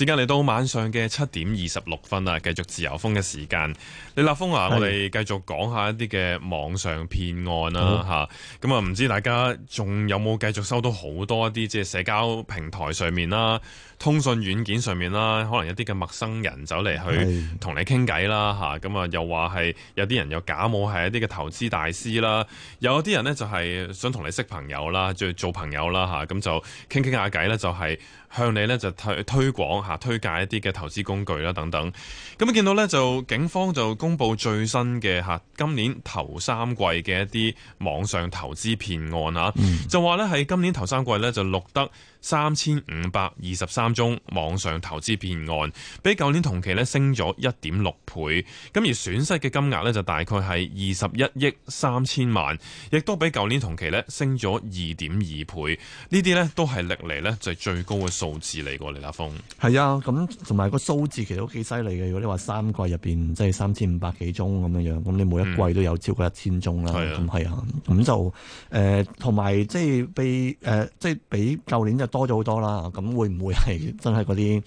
時間嚟到晚上嘅七點二十六分啦，繼續自由風嘅時間。李立峰啊，的我哋繼續講下一啲嘅網上騙案啦，吓咁、嗯、啊，唔知大家仲有冇繼續收到好多一啲即係社交平台上面啦、通訊軟件上面啦，可能一啲嘅陌生人走嚟去同你傾偈啦，吓咁的啊，啊，又話係有啲人又假冒係一啲嘅投資大師啦，有啲人呢，就係想同你識朋友啦，即做朋友啦，吓、啊、咁就傾傾下偈呢，就係、是。向你咧就推推廣吓推介一啲嘅投資工具啦等等，咁啊見到咧就警方就公布最新嘅吓今年頭三季嘅一啲網上投資騙案啊，嗯、就話咧係今年頭三季咧就錄得。三千五百二十三宗網上投資騙案，比舊年同期咧升咗一點六倍，咁而損失嘅金額咧就大概係二十一億三千萬，亦都比舊年同期咧升咗二點二倍。呢啲咧都係歷嚟咧就係最高嘅數字嚟過，李立峯。係啊，咁同埋個數字其實都幾犀利嘅。如果你話三季入面，即係三千五百幾宗咁樣樣，咁你每一季都有超過一千、嗯、宗啦。咁係啊，咁、啊、就同埋即係比誒即係比舊年就。多咗好多啦，咁會唔會係真係嗰啲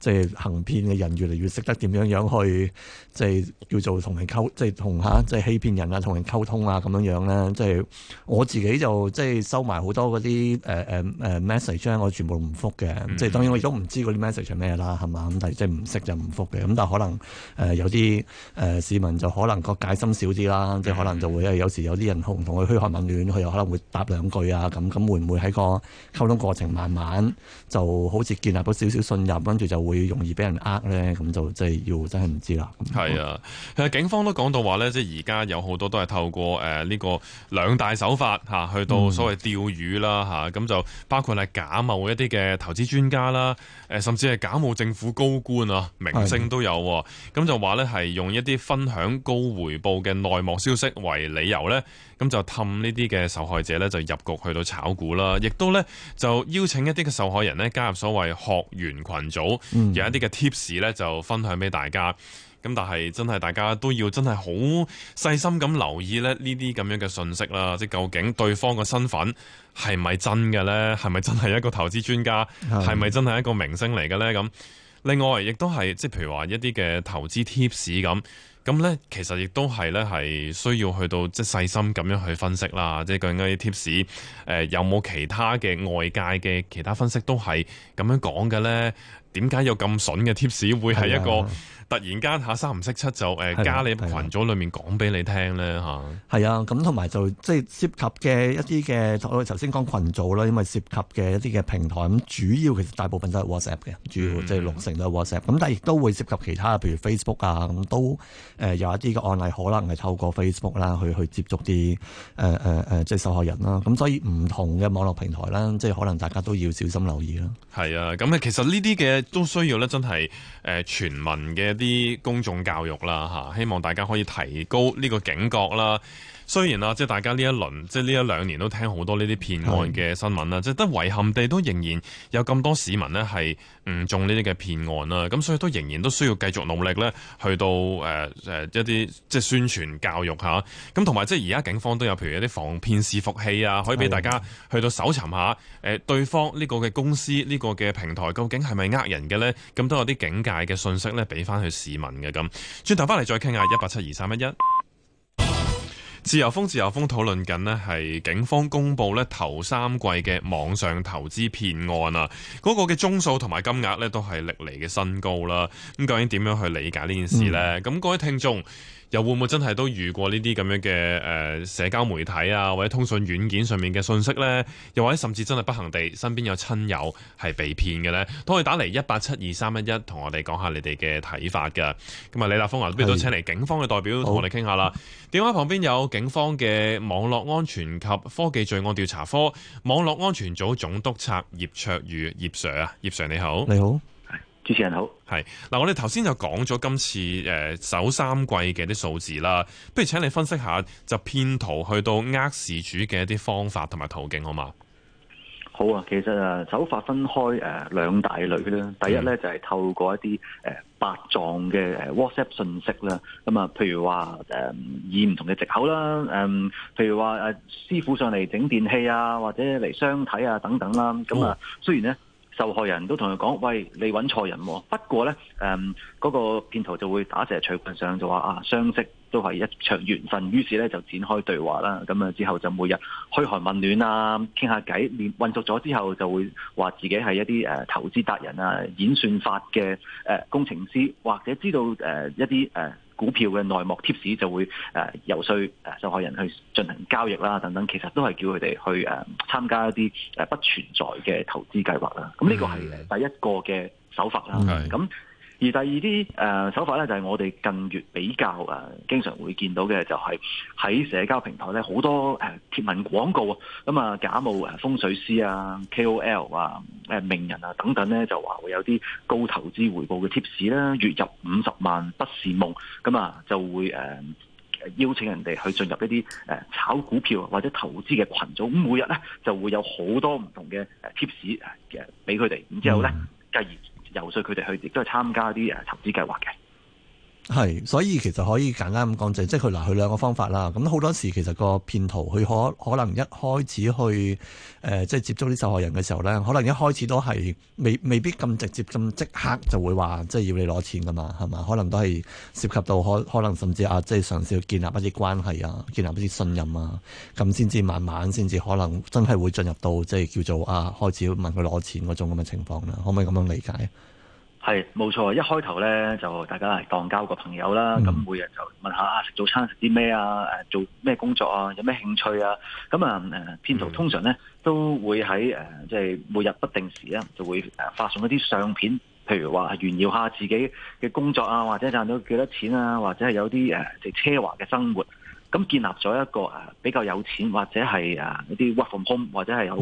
即係行騙嘅人越嚟越識得點樣樣去即係叫做同人溝，即係同嚇，即係、啊就是、欺騙人啊，同人溝通啊咁樣樣咧？即、就、係、是、我自己就即係收埋好多嗰啲 message，我全部唔覆嘅。即係、mm hmm. 當然我亦都唔知嗰啲 message 係咩啦，係嘛？咁但係即係唔識就唔覆嘅。咁但可能、呃、有啲市民就可能個戒心少啲啦，即係、mm hmm. 可能就會有時有啲人同同佢噓寒問暖，佢又可能會答兩句啊。咁咁會唔會喺個溝通過程？慢慢就好似建立咗少少信任，跟住就會容易俾人呃咧，咁就真係要真係唔知啦。係啊，其實警方都講到話咧，即係而家有好多都係透過呢個兩大手法吓去到所謂釣魚啦吓，咁就、嗯、包括係假冒一啲嘅投資專家啦，甚至係假冒政府高官啊、明星都有，咁就話咧係用一啲分享高回報嘅內幕消息為理由咧。咁就氹呢啲嘅受害者咧，就入局去到炒股啦，亦都咧就邀請一啲嘅受害人咧加入所謂學員群組，嗯、有一啲嘅 tips 咧就分享俾大家。咁但係真係大家都要真係好細心咁留意咧呢啲咁樣嘅信息啦，即究竟對方嘅身份係咪真嘅咧？係咪真係一個投資專家？係咪的真係一個明星嚟嘅咧？咁另外亦都係即係譬如話一啲嘅投資 tips 咁。咁咧，其實亦都係咧，係需要去到即細心咁樣去分析啦，即究竟啲貼士，誒、呃、有冇其他嘅外界嘅其他分析都係咁樣講嘅咧？點解有咁筍嘅貼士會係一個突然間嚇三唔識七就誒加你群組裡面講俾你聽咧嚇？係啊，咁同埋就即係涉及嘅一啲嘅我哋頭先講群組啦，因為涉及嘅一啲嘅平台咁，主要其實大部分都係 WhatsApp 嘅，嗯、主要即係六成都係 WhatsApp。咁但係亦都會涉及其他，譬如 Facebook 啊咁都誒有一啲嘅案例，可能係透過 Facebook 啦去去接觸啲誒誒誒即係受害人啦。咁所以唔同嘅網絡平台啦，即係可能大家都要小心留意啦。係啊，咁其實呢啲嘅。都需要咧，真係誒全民嘅一啲公眾教育啦吓，希望大家可以提高呢個警覺啦。雖然啊，即係大家呢一輪，即係呢一兩年都聽好多呢啲騙案嘅新聞啦，即係得遺憾地都仍然有咁多市民呢係唔中呢啲嘅騙案啦，咁所以都仍然都需要繼續努力呢去到誒一啲即係宣傳教育嚇，咁同埋即係而家警方都有譬如一啲防騙視伏器啊，可以俾大家去到搜尋下誒對方呢個嘅公司呢個嘅平台究竟係咪呃人嘅呢？咁都有啲警戒嘅信息呢俾翻去市民嘅咁，轉頭翻嚟再傾下，一八七二三一一。自由風，自由風討論緊咧，係警方公布咧頭三季嘅網上投資騙案啊，嗰、那個嘅宗數同埋金額咧都係歷嚟嘅新高啦。咁究竟點樣去理解呢件事呢？咁、嗯、各位聽眾。又會唔會真係都遇過呢啲咁樣嘅誒社交媒體啊，或者通訊軟件上面嘅訊息呢？又或者甚至真係不幸地身邊有親友係被騙嘅呢？都可以打嚟一八七二三一一同我哋講下你哋嘅睇法㗎。咁啊，李立峰啊，不如都請嚟警方嘅代表同我哋傾下啦。電話旁邊有警方嘅網絡安全及科技罪案調查科網絡安全組總督察葉卓譽葉 Sir 啊，葉 Sir 你好，你好。主持人好。係嗱，我哋頭先就講咗今次誒首三季嘅啲數字啦，不如請你分析下就騙徒去到呃事主嘅一啲方法同埋途徑好嗎？好啊，其實啊手法分開誒兩大類啦，第一咧就係透過一啲誒白狀嘅誒 WhatsApp 信息，啦，咁啊，譬如話誒以唔同嘅藉口啦，誒，譬如話誒師傅上嚟整電器啊，或者嚟相睇啊等等啦，咁啊，雖然咧。受害人都同佢講，喂，你揾錯人喎。不過呢，誒、嗯、嗰、那個騙徒就會打蛇隨棍上就，就話啊，相識都係一場緣分。於是呢，就展開對話啦。咁啊之後就每日嘘寒問暖啊，傾下偈，連混熟咗之後就會話自己係一啲誒、啊、投資達人啊，演算法嘅誒、啊、工程師，或者知道誒、啊、一啲誒。啊股票嘅內幕 tips 就會誒遊說誒受害人去進行交易啦，等等，其實都係叫佢哋去誒參加一啲誒不存在嘅投資計劃啦。咁呢個係第一個嘅手法啦。咁、嗯而第二啲誒、呃、手法咧，就係、是、我哋近月比較誒、啊、經常會見到嘅，就係喺社交平台咧好多誒、呃、貼文廣告啊，咁啊假冒誒、啊、風水師啊、KOL 啊、啊、名人啊等等咧，就話會有啲高投資回報嘅貼士啦，月入五十萬不是夢，咁啊就會誒、啊、邀請人哋去進入一啲誒、啊、炒股票或者投資嘅群組，咁、啊、每日咧就會有好多唔同嘅貼士嘅俾佢哋，之後咧、嗯、繼而。游説佢哋去，亦都係參加啲誒投資計劃嘅。係，所以其實可以簡單咁講，就即係佢嗱佢兩個方法啦。咁好多時其實個騙徒佢可可能一開始去誒即係接觸啲受害人嘅時候咧，可能一開始都係未未必咁直接咁即刻就會話即係要你攞錢噶嘛，係嘛？可能都係涉及到可可能甚至啊，即係嘗試建立一啲關係啊，建立一啲信任啊，咁先至慢慢先至可能真係會進入到即係叫做啊開始要問佢攞錢嗰種咁嘅情況啦。可唔可以咁樣理解？係冇錯，一開頭咧就大家係當交個朋友啦。咁、嗯、每日就問下啊，食早餐食啲咩啊？誒，做咩工作啊？有咩興趣啊？咁啊，誒，騙徒通常咧都會喺誒，即係每日不定時啊，就會誒發送一啲相片，譬如話炫耀下自己嘅工作啊，或者賺到幾多錢啊，或者係有啲誒，即係奢華嘅生活。咁建立咗一個誒比較有錢或者係誒一啲 work from home，或者係有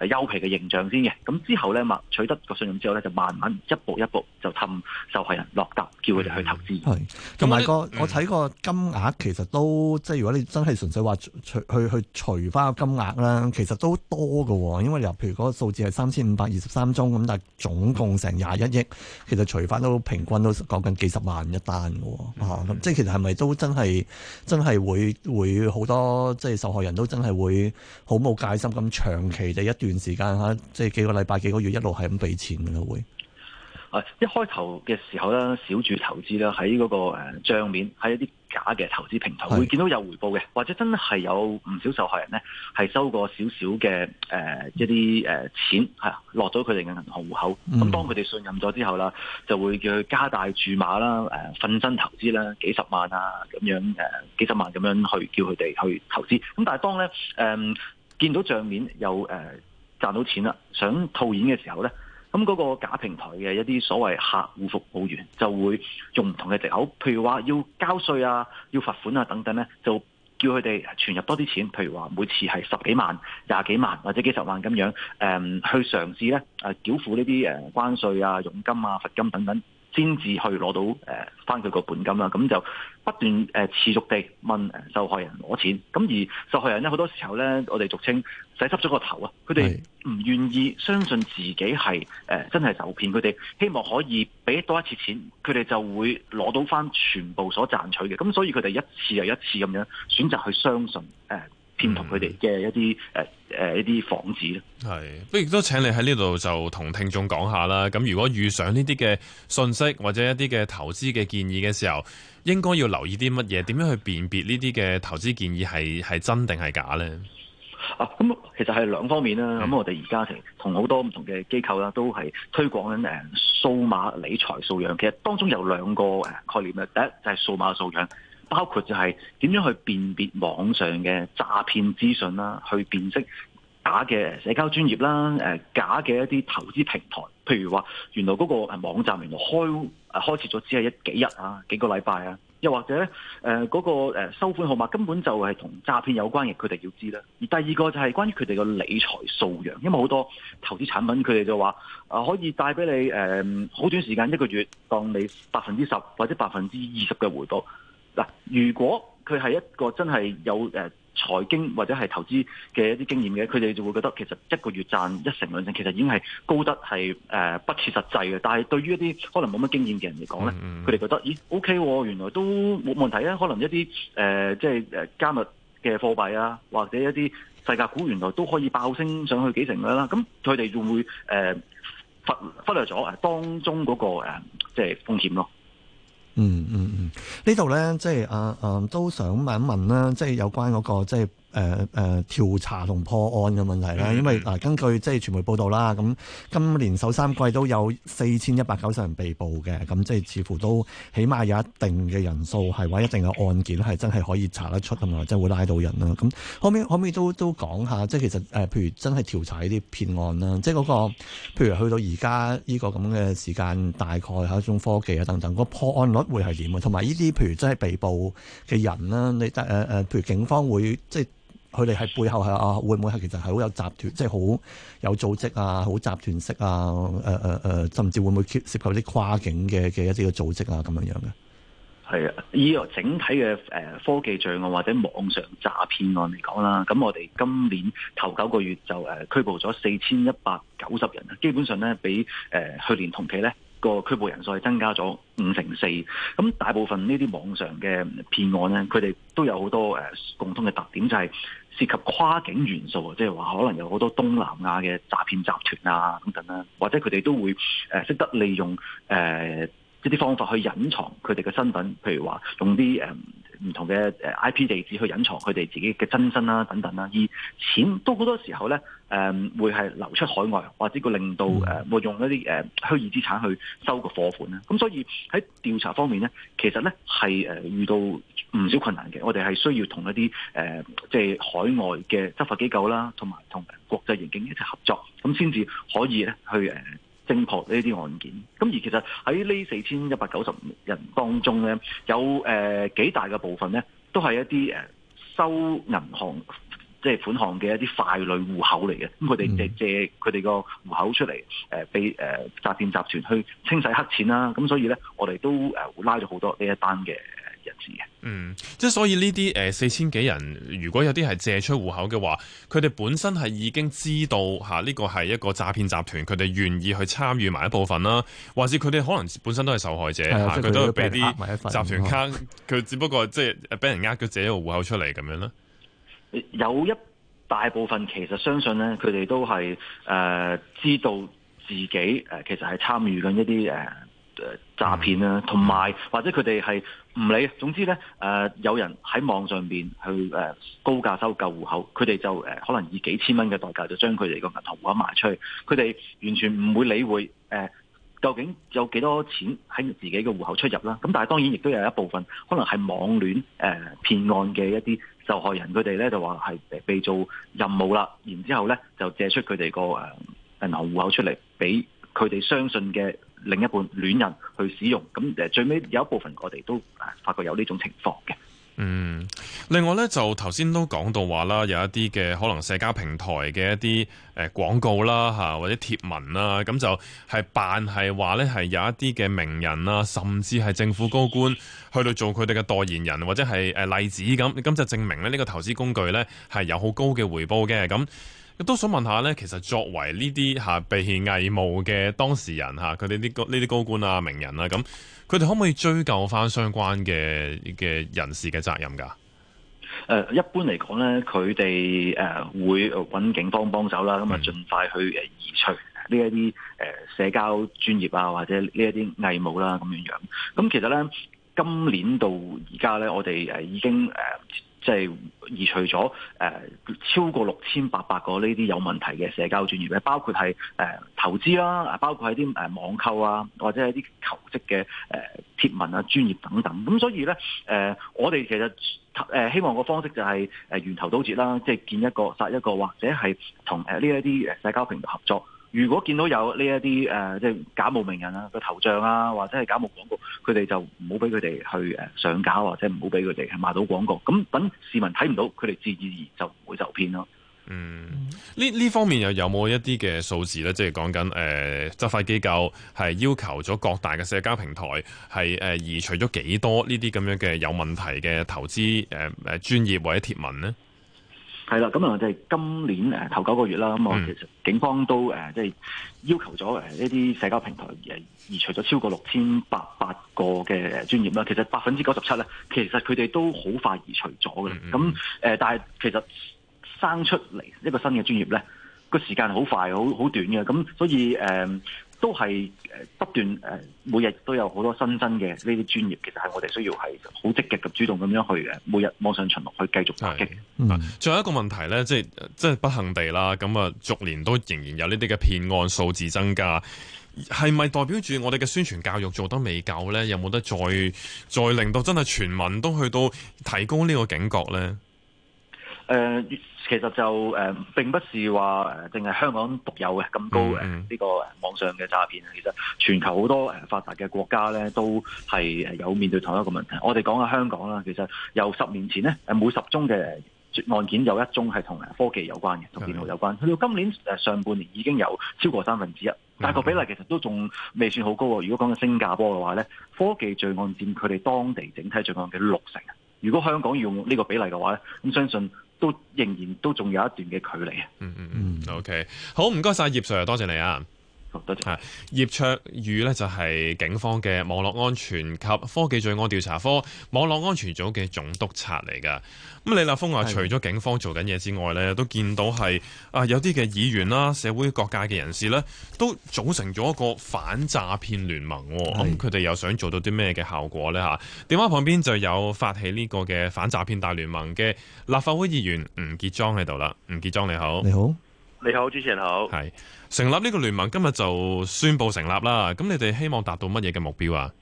優皮嘅形象先嘅，咁、嗯、之後咧，取得個信任之後咧，就慢慢一步一步就氹受害人落架，叫佢哋去投資。同埋、嗯、個、嗯、我睇個金額其實都即係如果你真係純粹話除去去，去除翻個金額啦，其實都多喎、哦，因為譬如嗰個數字係三千五百二十三宗咁，但係總共成廿一億，其實除翻都平均都講緊幾十萬一單㗎喎、哦。咁、嗯啊、即係其實係咪都真係真係會？會好多即係受害人都真係會好冇戒心咁長期就一段時間吓，即係幾個禮拜、幾個月，一路係咁俾錢嘅會。啊，一開頭嘅時候咧，小注投資咧，喺嗰個誒賬面，喺一啲。假嘅投資平台，會見到有回報嘅，或者真係有唔少受害人呢，係收過少少嘅誒一啲誒錢係落咗佢哋嘅銀行戶口，咁當佢哋信任咗之後啦，就會叫佢加大注碼啦，誒、呃、分身投資啦，幾十萬啊咁樣誒、呃、幾十萬咁樣去叫佢哋去投資。咁但係當呢，誒、呃、見到帳面有誒、呃、賺到錢啦，想套現嘅時候呢。咁嗰個假平台嘅一啲所謂客戶服務員就會用唔同嘅藉口，譬如話要交稅啊、要罰款啊等等呢，就叫佢哋存入多啲錢，譬如話每次係十幾萬、廿幾萬或者幾十萬咁樣，嗯，去嘗試呢誒繳付呢啲誒關稅啊、佣金啊、罰金等等。先至去攞到誒翻佢個本金啦，咁就不斷誒、呃、持續地問受害人攞錢，咁而受害人咧好多時候咧，我哋俗稱洗濕咗個頭啊，佢哋唔願意相信自己係誒、呃、真係受騙，佢哋希望可以俾多一次錢，佢哋就會攞到翻全部所賺取嘅，咁所以佢哋一次又一次咁樣選擇去相信誒。呃先同佢哋嘅一啲誒誒一啲房子係不如亦都請你喺呢度就同聽眾講下啦。咁如果遇上呢啲嘅信息或者一啲嘅投資嘅建議嘅時候，應該要留意啲乜嘢？點樣去辨別呢啲嘅投資建議係係真定係假咧？啊，咁、嗯、其實係兩方面啦。咁、嗯嗯、我哋而家同好多唔同嘅機構啦，都係推廣緊誒數碼理財素養，其實當中有兩個誒概念啊，第一就係數碼素養。包括就係點樣去辨別網上嘅詐騙資訊啦，去辨識假嘅社交專業啦，假嘅一啲投資平台，譬如話原來嗰個網站原來開開設咗只係一幾日啊，幾個禮拜啊，又或者誒嗰個收款號碼根本就係同詐騙有關嘅，佢哋要知啦。而第二個就係關於佢哋嘅理財素養，因為好多投資產品佢哋就話可以帶俾你誒好短時間一個月當你百分之十或者百分之二十嘅回報。嗱，如果佢係一個真係有誒、呃、財經或者係投資嘅一啲經驗嘅，佢哋就會覺得其實一個月賺一成兩成，其實已經係高得係誒、呃、不切實際嘅。但係對於一啲可能冇乜經驗嘅人嚟講咧，佢哋、mm hmm. 覺得咦 O、okay、K，、哦、原來都冇問題啊。可能一啲誒即係加密嘅貨幣啊，或者一啲世界股原來都可以爆升上去幾成咁啦。咁佢哋仲會會忽忽略咗當中嗰、那個即係、呃就是、風險咯。嗯嗯嗯，呢度咧即係啊啊都想問一問啦，即係有關嗰個即係。誒誒、呃、調查同破案嘅問題啦，因為嗱、呃、根據即係傳媒報道啦，咁今年首三季都有四千一百九十人被捕嘅，咁即係似乎都起碼有一定嘅人數，係話一定嘅案件係真係可以查得出，咁啊真係會拉到人啦。咁可唔可，可，可以都都講下，即係其實誒、呃，譬如真係調查呢啲騙案啦，即係、那、嗰個譬如去到而家呢個咁嘅時間，大概有一種科技啊等等，個破案率會係點啊？同埋呢啲譬如真係被捕嘅人啦，你誒誒、呃，譬如警方會即係。佢哋喺背後係啊，會唔會係其實係好有集團，即係好有組織啊，好集團式啊，誒誒誒，甚至會唔會涉及啲跨境嘅嘅一啲嘅組織啊咁樣樣嘅？係啊，以個整體嘅誒、呃、科技罪案或者網上詐騙案嚟講啦，咁我哋今年頭九個月就誒、呃、拘捕咗四千一百九十人啊，基本上咧比誒、呃、去年同期咧個拘捕人數係增加咗五成四。咁大部分呢啲網上嘅騙案咧，佢哋都有好多誒、呃、共通嘅特點，就係、是，涉及跨境元素啊，即係話可能有好多東南亞嘅詐騙集團啊，等等啦，或者佢哋都會誒識、呃、得利用誒、呃、一啲方法去隱藏佢哋嘅身份，譬如話用啲誒唔同嘅 IP 地址去隱藏佢哋自己嘅真身啦，等等啦，而錢都好多時候咧誒、呃、會係流出海外，或者佢令到誒會、呃、用一啲誒、呃、虛擬資產去收個貨款啦。咁、呃、所以喺調查方面咧，其實咧係、呃、遇到。唔少困難嘅，我哋係需要同一啲、呃、即係海外嘅執法機構啦，同埋同國際刑警一齊合作，咁先至可以咧去誒偵破呢啲案件。咁而其實喺呢四千一百九十人當中咧，有誒、呃、幾大嘅部分咧，都係一啲誒收銀行即係款項嘅一啲傀儡戶口嚟嘅。咁佢哋借借佢哋個戶口出嚟，誒、呃、被誒、呃、詐騙集團去清洗黑錢啦。咁所以咧，我哋都拉咗好多呢一單嘅。人士嘅，嗯，即係所以呢啲誒四千幾人，如果有啲係借出戶口嘅話，佢哋本身係已經知道吓呢個係一個詐騙集團，佢哋願意去參與埋一部分啦，或者佢哋可能本身都係受害者吓，佢的、啊、都俾啲集團坑，佢、嗯、只不過即係俾人呃咗借一個戶口出嚟咁樣啦。有一大部分其實相信咧，佢哋都係誒、呃、知道自己誒其實係參與緊一啲誒誒詐騙啦，同、呃、埋、嗯、或者佢哋係。唔理，總之咧，誒、呃、有人喺網上面去誒、呃、高價收購戶口，佢哋就、呃、可能以幾千蚊嘅代價就將佢哋個銀行戶口賣出去，佢哋完全唔會理會誒、呃、究竟有幾多錢喺自己嘅戶口出入啦。咁但係當然亦都有一部分可能係網戀誒、呃、騙案嘅一啲受害人，佢哋咧就話係被做任務啦，然之後咧就借出佢哋個誒銀行戶口出嚟俾佢哋相信嘅。另一半戀人去使用，咁最尾有一部分我哋都發覺有呢種情況嘅。嗯，另外呢，就頭先都講到話啦，有一啲嘅可能社交平台嘅一啲誒廣告啦吓，或者貼文啦，咁就係扮係話呢，係有一啲嘅名人啊，甚至係政府高官去到做佢哋嘅代言人或者係例子，咁咁就證明呢呢個投資工具呢，係有好高嘅回報嘅咁。都想問下咧，其實作為呢啲嚇被偽冒嘅當事人嚇，佢哋呢呢啲高官啊、名人啊，咁佢哋可唔可以追究返相關嘅嘅人士嘅責任㗎？誒，一般嚟講咧，佢哋誒會揾警方幫手啦，咁啊，盡快去誒移除呢一啲誒社交專頁啊，或者呢一啲偽冒啦咁樣樣。咁其實咧，今年到而家咧，我哋誒已經誒。即係移除咗誒、呃、超過六千八百個呢啲有問題嘅社交專業咧，包括係誒、呃、投資啦、啊，啊包括係啲誒網購啊，或者係啲求職嘅誒貼文啊專業等等。咁所以咧誒、呃，我哋其實誒、呃、希望個方式就係誒源頭堵截啦、啊，即係見一個殺一個，或者係同呢一啲社交平台合作。如果見到有呢一啲誒，即係假冒名人啊、個頭像啊，或者係假冒廣告，佢哋就唔好俾佢哋去誒上架，或者唔好俾佢哋係賣到廣告。咁等市民睇唔到，佢哋自然而然就唔會受騙咯。嗯，呢呢方面又有冇一啲嘅數字咧？即係講緊誒執法機構係要求咗各大嘅社交平台係誒、呃、移除咗幾多呢啲咁樣嘅有問題嘅投資誒誒專頁或者帖文呢？係啦，咁啊，即係今年誒頭九個月啦，咁我其實警方都誒即係要求咗誒呢啲社交平台移除咗超過六千八百個嘅專頁啦。其實百分之九十七咧，其實佢哋都好快移除咗嘅。咁誒，但係其實生出嚟一個新嘅專頁咧，個時間好快，好好短嘅。咁所以誒。呃都係不斷誒，每日都有好多新增嘅呢啲專業，其實係我哋需要係好積極、咁主動咁樣去嘅。每日網上巡邏去繼續打擊。係，嗯，啊、最後一個問題呢，即係即係不幸地啦，咁啊，逐年都仍然有呢啲嘅騙案數字增加，係咪代表住我哋嘅宣傳教育做得未夠呢？有冇得再再令到真係全民都去到提高呢個警覺呢？誒、呃、其實就誒、呃、並不是話誒淨係香港獨有嘅咁高呢、呃，呢個網上嘅詐騙啊，其實全球好多誒發達嘅國家咧都係有面對同一個問題。我哋講下香港啦，其實由十年前咧，每十宗嘅案件有一宗係同科技有關嘅，同電腦有關。去到今年、呃、上半年已經有超過三分之一，但個比例其實都仲未算好高喎。如果講緊新加坡嘅話咧，科技罪案佔佢哋當地整體罪案嘅六成。如果香港要用呢個比例嘅話咧，咁相信，都仍然都仲有一段嘅距離啊，嗯嗯嗯，嗯，OK，好唔該晒葉 Sir，多謝，謝你啊。啊！葉、oh, 卓譽咧，就係警方嘅網絡安全及科技罪案調查科網絡安全組嘅總督察嚟噶。咁李立峰話，啊，的除咗警方做緊嘢之外咧，都見到係啊有啲嘅議員啦、社會各界嘅人士呢，都組成咗一個反詐騙聯盟。咁佢哋又想做到啲咩嘅效果呢？吓，電話旁邊就有發起呢個嘅反詐騙大聯盟嘅立法會議員吳傑莊喺度啦。吳傑莊你好，你好。你好你好，主持人好。係成立呢個聯盟，今日就宣布成立啦。咁你哋希望達到乜嘢嘅目標啊？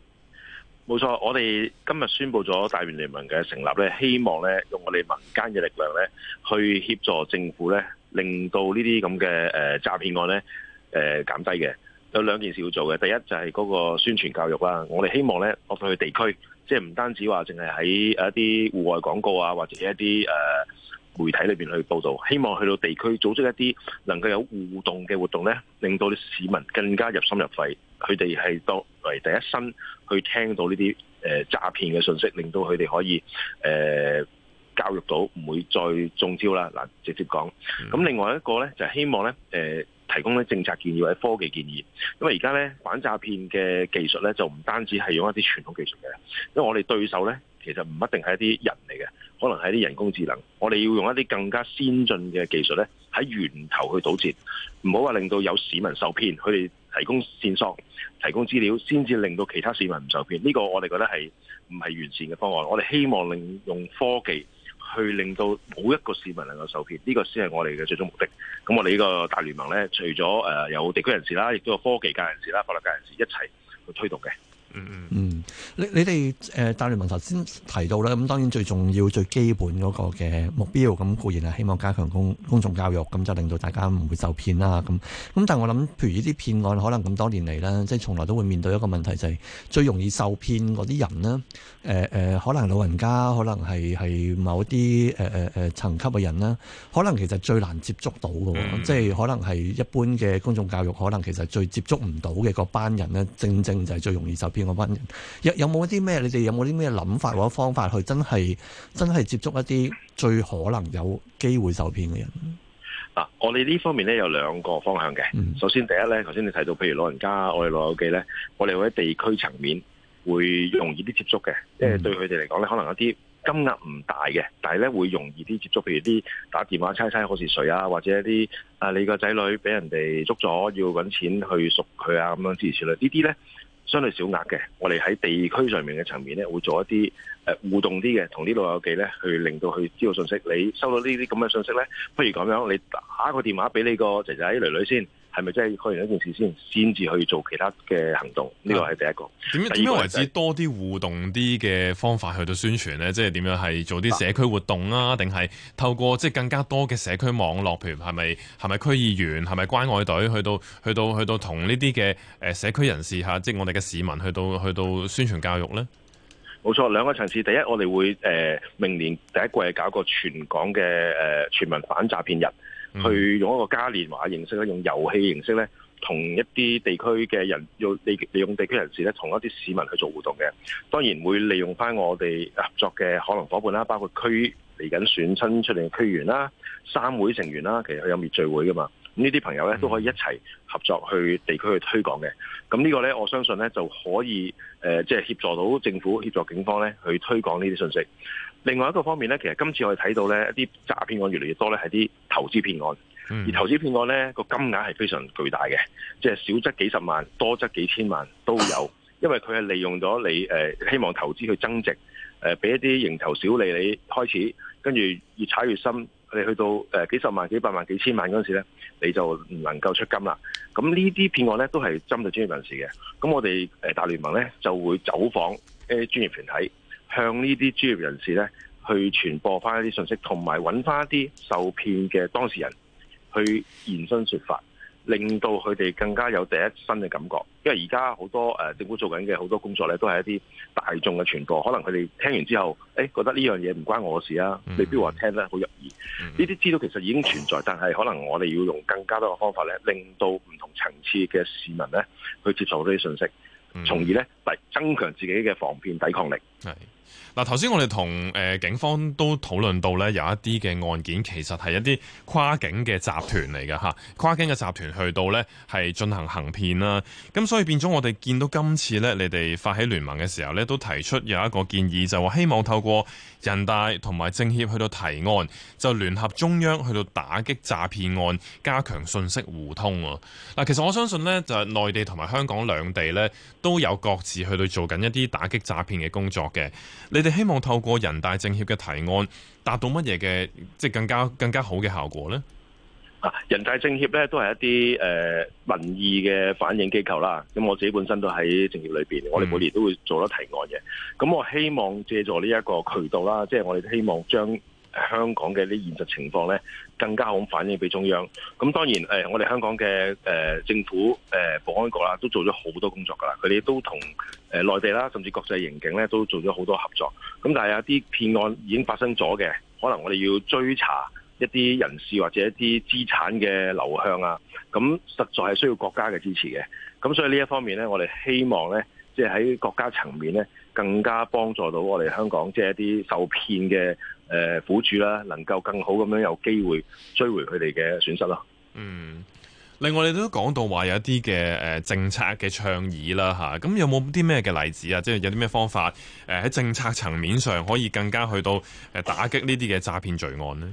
冇錯，我哋今日宣布咗大元聯盟嘅成立咧，希望咧用我哋民間嘅力量咧，去協助政府咧，令到呢啲咁嘅誒詐騙案咧誒減低嘅。有兩件事要做嘅，第一就係嗰個宣傳教育啦。我哋希望咧，落到去地區，即係唔單止話淨係喺一啲戶外廣告啊，或者一啲誒。呃媒體裏面去報道，希望去到地區組織一啲能夠有互動嘅活動，呢令到啲市民更加入心入肺，佢哋係當為第一身去聽到呢啲誒詐騙嘅訊息，令到佢哋可以誒、呃、教育到，唔會再中招啦。嗱，直接講。咁另外一個呢，就係、是、希望呢、呃、提供啲政策建議或者科技建議，因為而家呢，反詐騙嘅技術呢，就唔單止係用一啲傳統技術嘅，因為我哋對手呢，其實唔一定係一啲人嚟嘅。可能係啲人工智能，我哋要用一啲更加先進嘅技術咧，喺源頭去堵截，唔好話令到有市民受騙，佢哋提供線索、提供資料，先至令到其他市民唔受騙。呢、這個我哋覺得係唔係完善嘅方案。我哋希望令用科技去令到冇一個市民能夠受騙，呢、這個先係我哋嘅最終目的。咁我哋呢個大聯盟咧，除咗誒有地區人士啦，亦都有科技界人士啦、法律界人士一齊去推動嘅。嗯嗯嗯，你你哋大聯盟頭先提到啦，咁當然最重要最基本嗰個嘅目標，咁固然係希望加強公公眾教育，咁就令到大家唔會受騙啦。咁咁，但係我諗，譬如呢啲騙案，可能咁多年嚟啦，即係從來都會面對一個問題，就係、是、最容易受騙嗰啲人呢誒、呃呃、可能老人家，可能係係某一啲誒誒層級嘅人呢可能其實最難接觸到嘅，即係可能係一般嘅公眾教育，可能其實最接觸唔到嘅嗰班人呢，正正就係最容易受騙。嗰班人有有冇一啲咩？你哋有冇啲咩諗法或者方法去真係真係接觸一啲最可能有機會受騙嘅人？嗱、啊，我哋呢方面咧有兩個方向嘅。首先，第一咧，頭先你提到，譬如老人家，我哋老友記咧，我哋會喺地區層面會容易啲接觸嘅，即係、嗯、對佢哋嚟講咧，可能一啲，金額唔大嘅，但係咧會容易啲接觸，譬如啲打電話猜猜我是誰啊，或者一啲啊你個仔女俾人哋捉咗要搵錢去贖佢啊，咁樣之類之類，呢啲呢相對小額嘅，我哋喺地區上面嘅層面呢，會做一啲、呃、互動啲嘅，同啲老友記呢去令到佢知道信息，你收到呢啲咁嘅信息呢，不如咁樣，你打一個電話俾你個仔仔女女先。係咪真係確完一件事先，先至去做其他嘅行動？呢個係第一個。點樣點樣為止多啲互動啲嘅方法去到宣傳呢？即係點樣係做啲社區活動啊？定係透過即係更加多嘅社區網絡，譬如係咪係咪區議員，係咪關愛隊，去到去到去到同呢啲嘅誒社區人士吓，即係我哋嘅市民，去到去到宣傳教育呢？冇錯，兩個層次。第一，我哋會誒、呃、明年第一季搞個全港嘅誒、呃、全民反詐騙日。嗯、去用一個嘉年華形式咧，用遊戲形式咧，同一啲地區嘅人利利用地區人士咧，同一啲市民去做互動嘅。當然會利用翻我哋合作嘅可能夥伴啦，包括區嚟緊選親出嚟嘅區員啦、三會成員啦，其實佢有滅罪會噶嘛。咁呢啲朋友咧都可以一齊合作去地區去推廣嘅。咁呢個咧，我相信咧就可以誒，即係、呃就是、協助到政府協助警方咧去推廣呢啲信息。另外一個方面咧，其實今次我哋睇到咧一啲詐騙案越嚟越多咧，係啲投資騙案，而投資騙案咧個金額係非常巨大嘅，即係少則幾十萬，多則幾千萬都有。因為佢係利用咗你、呃、希望投資去增值，誒、呃、俾一啲蠅頭小利你開始，跟住越踩越深，你去到誒幾十萬、幾百萬、幾千萬嗰陣時咧，你就唔能夠出金啦。咁呢啲騙案咧都係針對專業人士嘅，咁我哋大聯盟咧就會走訪一啲專業團體。向呢啲專業人士咧，去傳播返一啲信息，同埋揾返一啲受騙嘅當事人去延伸說法，令到佢哋更加有第一身嘅感覺。因為而家好多誒、呃、政府做緊嘅好多工作咧，都係一啲大眾嘅傳播，可能佢哋聽完之後，誒、欸、覺得呢樣嘢唔關我事啊，未必話聽得好入耳。呢啲資料其實已經存在，但係可能我哋要用更加多嘅方法咧，令到唔同層次嘅市民咧，去接受到啲信息，從而咧，嚟增強自己嘅防騙抵抗力。係。嗱，頭先我哋同誒警方都討論到咧，有一啲嘅案件其實係一啲跨境嘅集團嚟嘅嚇，跨境嘅集團去到呢係進行行騙啦。咁所以變咗我哋見到今次呢，你哋發起聯盟嘅時候呢，都提出有一個建議，就話希望透過人大同埋政協去到提案，就聯合中央去到打擊詐騙案，加強信息互通啊。嗱，其實我相信呢，就係內地同埋香港兩地呢，都有各自去到做緊一啲打擊詐騙嘅工作嘅。你哋希望透過人大政協嘅提案達到乜嘢嘅，即係更加更加好嘅效果呢？啊，人大政協咧都係一啲誒、呃、民意嘅反映機構啦。咁我自己本身都喺政協裏邊嗯、我哋每年都會做咗提案嘅。咁我希望借助呢一個渠道啦，即、就、係、是、我哋希望將香港嘅啲現實情況咧，更加好反映俾中央。咁當然，誒我哋香港嘅、呃、政府誒、呃、保安局啦，都做咗好多工作噶啦。佢哋都同誒內地啦，甚至國際刑警咧，都做咗好多合作。咁但係有啲騙案已經發生咗嘅，可能我哋要追查一啲人士或者一啲資產嘅流向啊。咁實在係需要國家嘅支持嘅。咁所以呢一方面咧，我哋希望咧，即係喺國家層面咧。更加幫助到我哋香港即係一啲受騙嘅誒苦主啦、啊，能夠更好咁樣有機會追回佢哋嘅損失咯、啊。嗯，另外你都講到話有一啲嘅、呃、政策嘅倡議啦咁、啊、有冇啲咩嘅例子啊？即係有啲咩方法喺、呃、政策層面上可以更加去到、呃、打擊呢啲嘅詐騙罪案呢？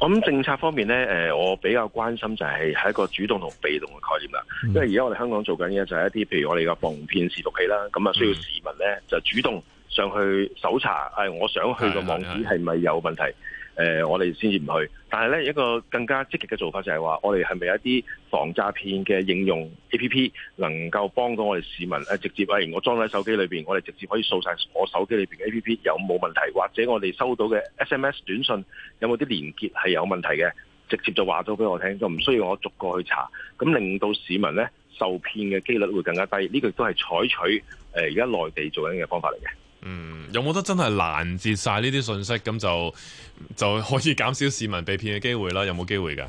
我諗政策方面咧，我比較關心就係一個主動同被動嘅概念啦。嗯、因為而家我哋香港做緊嘅就係一啲，譬如我哋嘅防騙試毒器啦，咁啊需要市民咧就主動上去搜查，誒、哎，我想去個網址係咪有問題？嗯嗯嗯誒、呃，我哋先至唔去。但係呢，一個更加積極嘅做法就係話，我哋係咪一啲防詐騙嘅應用 A P P 能夠幫到我哋市民？呃、直接誒、哎，我裝喺手機裏面，我哋直接可以掃晒我手機裏面嘅 A P P 有冇問題，或者我哋收到嘅 S M S 短信有冇啲連結係有問題嘅，直接就話咗俾我聽，就唔需要我逐個去查，咁令到市民呢受騙嘅機率會更加低。呢個都係採取而家、呃、內地做緊嘅方法嚟嘅。嗯，有冇得真係攔截晒呢啲信息，咁就就可以減少市民被騙嘅機會啦？有冇機會噶？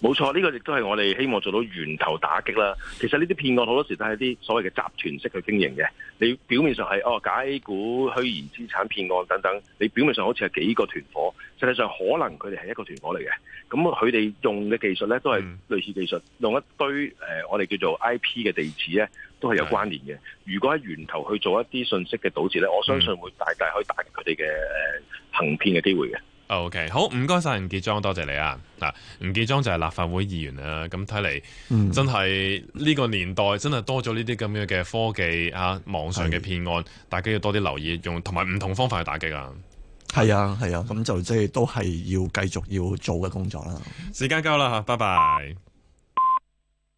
冇錯，呢個亦都係我哋希望做到源頭打擊啦。其實呢啲騙案好多時都係啲所謂嘅集團式去經營嘅。你表面上係哦解股、虛擬資產騙案等等，你表面上好似係幾個團伙，實際上可能佢哋係一個團伙嚟嘅。咁佢哋用嘅技術呢，都係類似技術，用一堆誒、呃、我哋叫做 I P 嘅地址呢都係有關聯嘅。如果喺源頭去做一啲信息嘅堵截咧，我相信會大大可以打擊佢哋嘅誒行騙嘅機會嘅。Okay，好，唔該晒吳傑莊，多謝你啊。嗱，吳傑莊就係立法會議員啊。咁睇嚟，真係呢個年代真係多咗呢啲咁樣嘅科技啊，網上嘅騙案，是大家要多啲留意，用同埋唔同方法去打擊啊。係啊，係啊，咁就即係都係要繼續要做嘅工作啦。時間夠啦吓，拜拜。